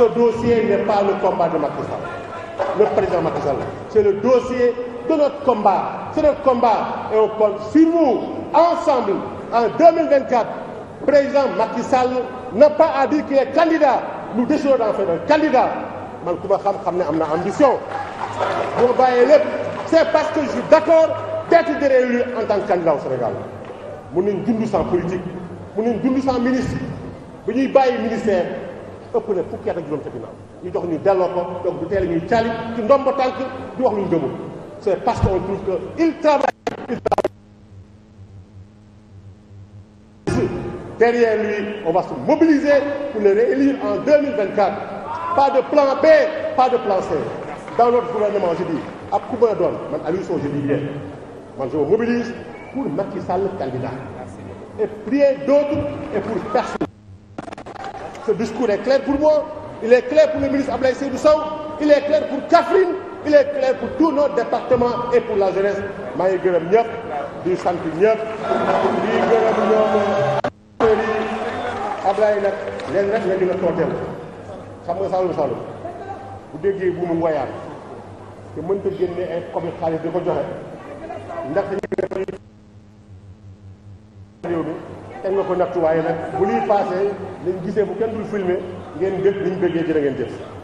ce dossier n'est pas le combat de Macky Sall, le président Macky Sall. C'est le dossier de notre combat. C'est notre combat et on compte sur vous, en Président Macky Sall n'a pas à dire qu'il est candidat. Nous décidons d'en faire candidat. man ku ma xam ne am na ambition bu ma bàyyee lépp c'est parce que je suis d'accord d'être derrière lui en tant que candidat au Sénégal mun nañ politique mun nañ dund sans ministre ministère ëpp na fukki at ak juróom ca ginnaaw ñu jox ñu delloo ko donc du teel ñuy caali ci ndombo tànk di wax lu ñu gëmul c'est parce qu'on trouve que il travaille il travaille derrière lui on va se mobiliser pour le réélire en 2024 pas de plan B pas de plan C dans notre gouvernement je dis ak ku mën a doon man Aliou Sow je dis bien man je me mobilise pour Macky Sall candidat et prier d'autres et pour personne Ce discours est clair pour moi, il est clair pour le ministre Ablaï Seydou il est clair pour Kaffrine, il est clair pour tous nos départements et pour la jeunesse. maa ngi gërëm ñëpp di sant ñëpp di gërëm ñoom acteurs yi Ablaye nag leen rek la ñu la tooteel xam nga Saloum Saloum bu déggee bu mu ngoyaan te mënta génne ay comi xaalis di ko joxe ndax ko nattu waaye nag bu luy passé lañ gisee bu kenn dul filmé ngeen gëj liñ bëggee jërë ngeen jëf